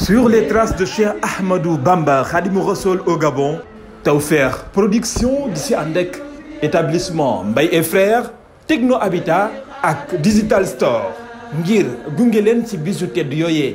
Sur les traces de Cheikh Ahmadou Bamba Khadimou Rassoul au Gabon Tawfekh Production di si ànd ak établissement Mbaye et Frères Techno Habitat ak Digital Store ngir gunge leen ci bisu tedd yooyee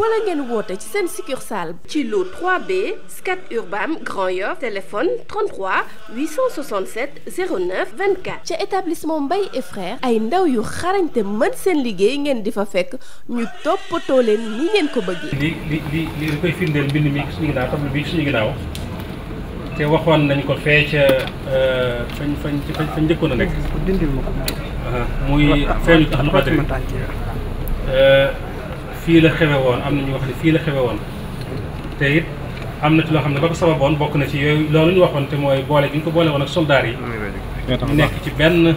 wala ngeen woote ci seen succursale ci lu 3B Scat Urbam Grand Yoff téléphone 33 867 09 24 ca établissement Mbaye et frères ay ndaw yu xarañte mën seen liggéey ngeen di fa fekk ñu toppatoo leen ni ngeen ko bëggee li li li li koy firndeel mbind mi suñu ginnaaw table bi suñu ginnaaw te waxoon nañ ko fee ca euh, fañ fañ fañ njëkkoon a nekk muy feeñu tax nu xadri fii la xewe woon am na ñu wax ne fii la xewe woon te it am na ci loo xam ne ba ko sababoon bokk na ci yooyu loolu ñu waxoon te mooy boole gi ñu ko boole woon ak soldaar yi ñu nekk ci benn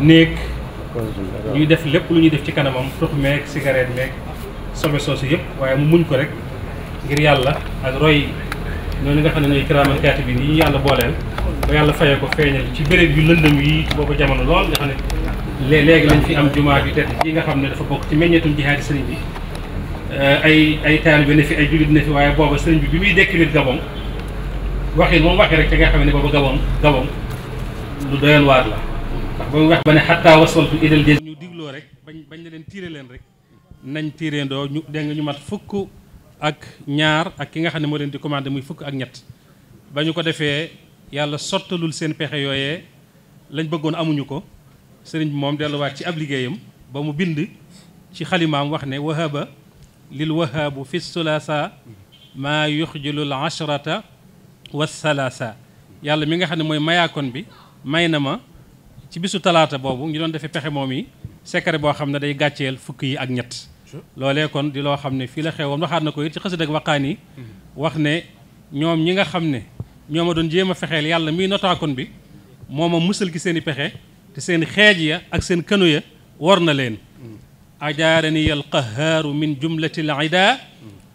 néeg ñuy def lépp lu ñuy def ci kanamam tux meeg cigarette meeg sobe soosu yëpp waaye mu muñ ko rek ngir yàlla ak roy noonu nga xam ne ñooy kiraamal kaati bi ni yàlla booleel ba yàlla fayee ko feeñal ci béréb yu lëndëm yi boobu jamono lool nga xam ne léegi lañ fi am jumaa bi tedd ji nga xam ne dafa bokk ci meññetum jihaadi sëriñ bi euh, ay ay taalibe ne fi ay jullit ne fi waaye booba sëriñ bi bi muy décliné Gabon waxin moom waxee rek te nga xam ne booba Gabon Gabon lu doyoon waar la ba mu wax ba ne xattaa wasoltu idal jë ñu digloo rek bañ bañ na leen tiire leen rek nañ tiireendoo ñu dégg nga ñu mat fukk ak ñaar ak ki nga xam ne moo leen di commandé muy fukk ak ñett ba ñu ko defee yàlla sottalul seen pexe yooyee lañ bëggoon amuñu ko sëriñ bi moom delluwaat ci ab liggéeyam ba mu bind ci xalimaam wax ne wahaba lil wahaabu fis sulaasa maa yuxjilu l ashrata wa salaasa yàlla mi nga xam ne mooy mayaakon bi may na ma ci bisu talaata boobu ñu doon defee pexe moom yi secret boo xam ne day gàcceel fukk yi ak ñett loolee kon di loo xam ne fii la xewoon waxaat na koy it ci xasida ak waqaan yi wax ne ñoom ñi nga xam ne ñoo ma doon jéem a fexeel yàlla miy notaakon bi moo ma musal ki seeni pexe te seen xeej ya ak seen kanu ya war na leen ajaarani alqahaaru min jumlati al ida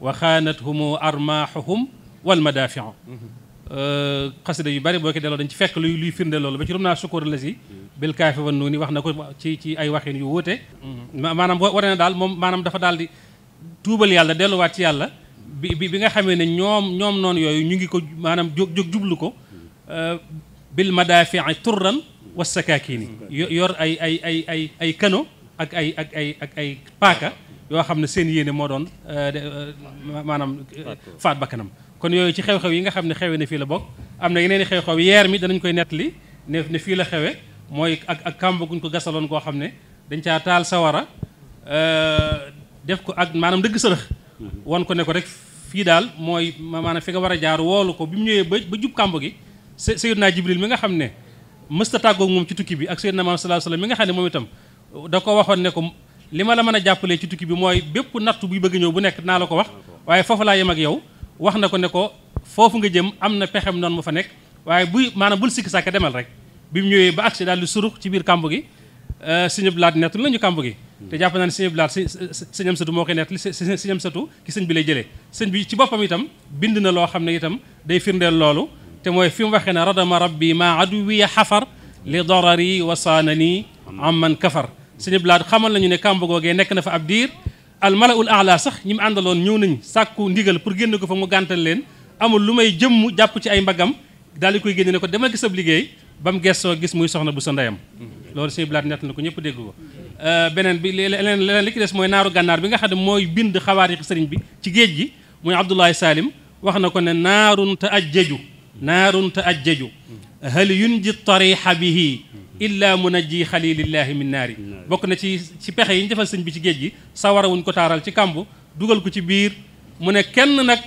wa xaanathumu armaahuhum wal madaafiu xasida yu bari boo ko delloo dañ ci fekk luy luy firnde loolu ba ci rum sukkur la si bil kaafi wan nuuni wax na ko ci ci ay waxin yu wuute maanaam wane na daal moom maanaam dafa daal di tuubal yàlla delluwaat ci yàlla bi bi nga xamee ne ñoom ñoom noonu yooyu ñu ngi ko maanaam jóg jóg jublu ko bil madaafi turran wasakaakiini yor ay ay ay ay ay kano ak ay ak ay ak ay paaka yoo xam ne seen yéene moo doon euh, euh, maanaam euh, faat bakkanam kon yooyu ci xew-xew yi nga xam ne xewe na fii la bokk am na yeneen i xew-xew yeer mi danañ koy nettali ne ne fii la xewe mooy ak ak kàmb guñ ko gasaloon goo xam ne dañ caa taal sawara def ko ak maanaam dëgg sërëx wan ko ne ko rek fii daal mooy maanaam fi nga war a jaar woolu ko bi mu ñëwee ba ba jub kàmb gi naa Jibril mi nga xam ne mësta tàggoog moom ci tukki bi ak Seydina Muhammad sallallahu alayhi wasallam mi nga xam ne moom itam da ko waxoon ne ko li ma la mën a jàppalee ci tukki bi mooy bépp nattu buy bëgg ñëw bu nekk naa la ko wax waaye foofu laa yem ak yow wax na ko ne ko foofu nga jëm am na pexem noonu mu fa nekk waaye buy maanaam bul sikki sàkka demal rek bi mu ñëwee ba agsi daal di surux ci biir kàmb gi euh, sëñ Blaat nettu la ñu kàmb gi hmm. te jàpp naa ne sëñ Blaat sëñ am satu moo koy nett li sëñ am satu ki sëñ bi lay jëlee sëñ bi ci boppam itam bind na loo xam ne itam day firndeel loolu te mooy fi mu waxee ne radama rabbi maa aduwiya xafar li darari wasaana nii am man kafar sëñ Blaat xamal nañu ne kàmb nekk na fa ab diir al malaul aala sax ñi mu àndaloon ñëw nañ sàkku ndigal pour génn ko fa mu gàntal leen amul lu may jëmm jàpp ci ay mbagam daal di koy génne ne ko demal gis ab liggéey ba mu gessoo gis muy soxna bu sa ndeyam loolu sëñ Blaat nett na ko ñëpp dégg ko euh, beneen bi leneen leneen li ci des mooy naaru gànnaar bi nga xam ne mooy bind xawaarixi sëriñ bi ci géej gi muy Abdoulaye Salim wax na ko ne naarun te ajjaju naarun taajjaju hal yunji tariixa bihi illa munajji xalilillahi min naari bokk na ci pexe yi ñu defal sëñ bi ci géej gi sawara wuñ ko taaral ci kàmb dugal ko ci biir mu ne kenn nag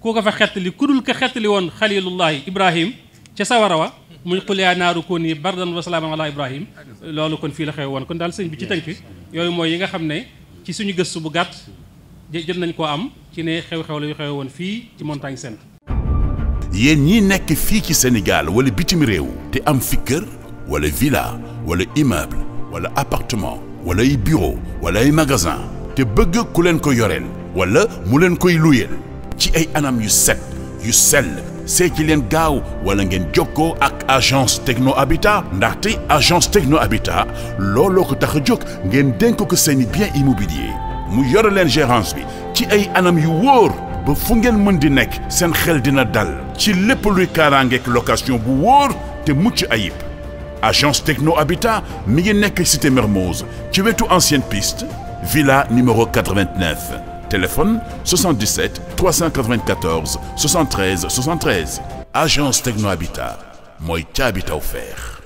koo ko fa xettali ku dul ko xettali woon xalilullahi ibrahim ca sawara wa muy qul naaru koon kuuni bardan wa salaaman ala ibrahim loolu kon fii la xew woon kon daal sëñ bi ci tënk yooyu mooy yi nga xam ne ci suñu gëstu bu gàtt jot nañ koo am ci ne xew-xew la yu xew fii ci montagne sainte yéen ñii nekk fii ci Sénégal wala bitim réew te am fi kër wala villa wala immeuble wala appartement wala ay bureau wala ay magasin te bëgg ku leen ko yoreel wala mu leen koy luyeel ci ay anam yu set yu sel see ci leen gaaw wala ngeen jóg jokkoo ak agence techno habitat ndaxte agence techno habitat looloo ko tax a jóg ngeen dénk ko seen bien immobilier mu yore leen gérance bi ci ay anam yu wóor ba fu ngeen mën di nekk seen xel dina dal ci lépp luy kaaraangeek location bu wóor te mucc ayib agence techno habitat mi ngi nekk cité Mermoz ci wetu ancienne piste villa numéro 89 téléphone 77 394 73 73 agence techno habitat mooy ca habitat